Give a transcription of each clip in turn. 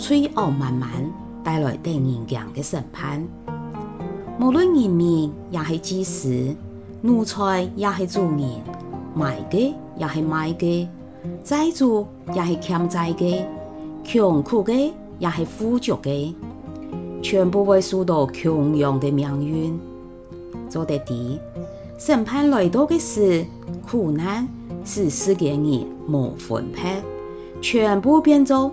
罪惡滿滿，帶來最嚴強嘅審判。無論人民也係祭司，奴才也係主人，買嘅也係賣嘅，債主也係欠債嘅，窮苦嘅也係富足嘅，全部會受到同樣的命運。做得地，審判來到嘅時，苦難是世間人冇分配，全部變做。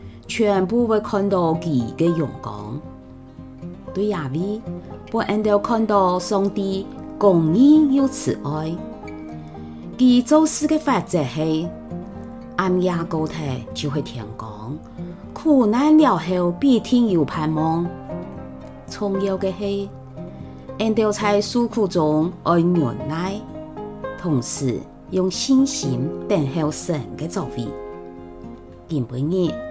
全部會看到祂嘅榮光，對亞威，我一定看到上帝講，你有慈愛。祂做事嘅法則係：暗夜高頭就會天光苦難了後必定有盼望。重要嘅係，一定要在受苦中愛忍耐，同時用信心等候神嘅作為。第二日。